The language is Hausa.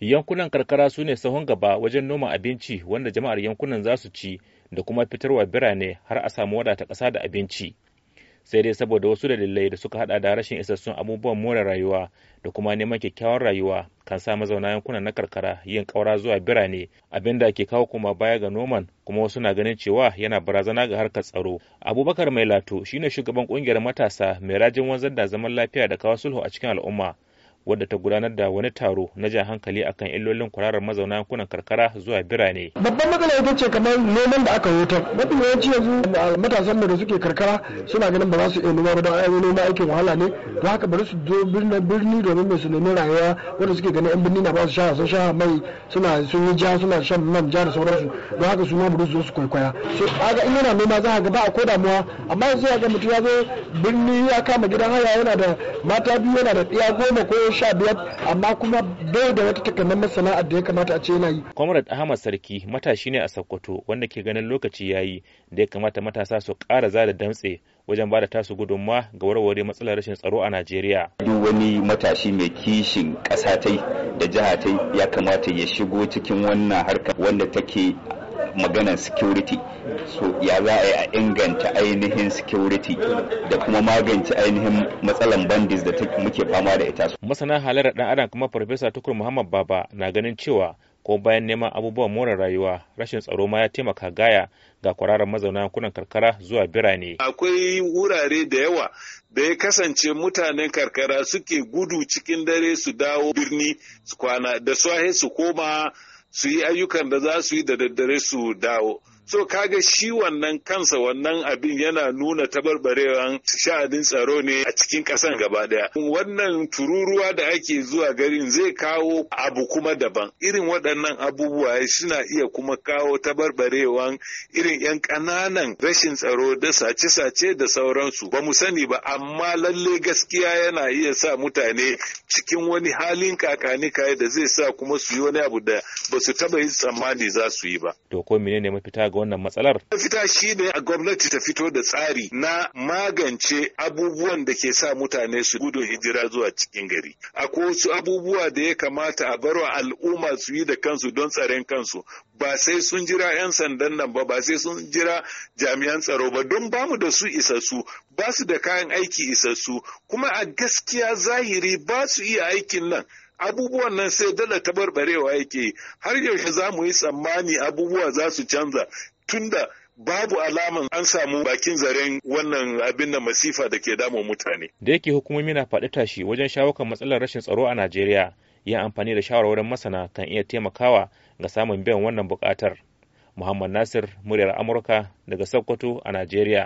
yankunan karkara su ne sahun gaba wajen noma abinci wanda jama'ar yankunan za su ci da kuma fitarwa birane har a samu wadata ƙasa da abinci sai dai saboda wasu dalilai da suka hada da rashin isassun abubuwan more rayuwa da kuma neman kyakkyawar rayuwa kan sa mazauna yankunan na karkara yin ƙaura zuwa birane abin da ke kawo kuma baya ga noman kuma wasu na ganin cewa yana barazana ga harkar tsaro abubakar mai lato shine shugaban kungiyar matasa mai rajin wanzar da zaman lafiya da kawo sulhu a cikin al'umma wadda ta gudanar da wani taro na jan hankali akan illolin kwararar mazauna yankunan karkara zuwa birane. Babban matsala ita ce kamar noman da aka wutar. Mafi yawanci yanzu matasan da suke karkara suna ganin ba za su iya noma ba don ayyukan noma aikin wahala ne. Don haka bari su zo birni domin mai su nemi rayuwa wanda suke ganin yan birni na ba su sha sun sha mai suna sun yi ja suna shan man ja da sauransu. Don haka su ma bari su zo su kwaikwaya. So aga in yana noma za a ga ba a ko damuwa amma yanzu ya ga mutum ya zo birni ya kama gidan haya yana da mata biyu yana da ɗiya goma ko sha biyar amma kuma bai da wata takamaiman sana'ar da ya kamata a ce yana yi. Comrade Ahmad Sarki matashi ne a Sokoto wanda ke ganin lokaci ya yi da ya kamata matasa su kara zada damtse wajen bada da tasu gudunmawa ga warware matsalar rashin tsaro a Najeriya. Duk wani matashi mai kishin kasatai da jiha ya kamata ya shigo cikin wannan harka wanda take maganar security so ya za a yi a inganta ainihin security da kuma magance ainihin matsalan bandits da muke fama da ita masana halar dan adam kuma farfesa tukur muhammad baba na ganin cewa ko bayan neman abubuwan more rayuwa rashin tsaro ma ya taimaka gaya ga kwararan mazauna yankunan karkara zuwa birane. Akwai wurare da yawa da ya kasance mutanen karkara suke gudu cikin dare su dawo birni su kwana da swahe su koma su yi ayyukan da za su yi da daddare su dawo So kaga shi wannan kansa wannan abin yana nuna tabarbarewan sha'anin tsaro ne a cikin ƙasan gaba daya Wannan tururuwa da ake zuwa garin zai kawo abu kuma daban. Irin waɗannan abubuwa suna iya kuma kawo tabarbarewan irin 'yan ƙananan rashin tsaro da sace-sace da sauransu. Ba mu sani ba amma lalle gaskiya yana iya sa mutane cikin wani halin kakani da zai sa kuma su yi wani abu da ba su taɓa yin tsammani za su yi ba. To ko menene mafita daga wannan matsalar? Fita shi ne a gwamnati ta fito da tsari na magance abubuwan da ke sa mutane su gudun hijira zuwa cikin gari. Akwai wasu abubuwa da ya kamata a barwa al'umma su yi da kansu don tsaron kansu. Ba sai sun jira 'yan sandan nan ba, ba sai sun jira jami'an tsaro ba, don ba mu da su isassu, ba su da kayan aiki isassu, kuma a gaskiya zahiri ba su iya aikin nan. abubuwan nan sai dala tabarbarewa yake har yaushe za mu yi tsammani abubuwa za su canza tunda babu alaman an samu bakin zaren wannan abin da masifa da ke damun mutane. Da yake hukumomi na faɗi tashi wajen shawo matsalar rashin tsaro a Najeriya, yin amfani da shawarwarin masana kan iya taimakawa ga samun biyan wannan buƙatar. Muhammad Nasir, muryar Amurka daga Sokoto a Najeriya.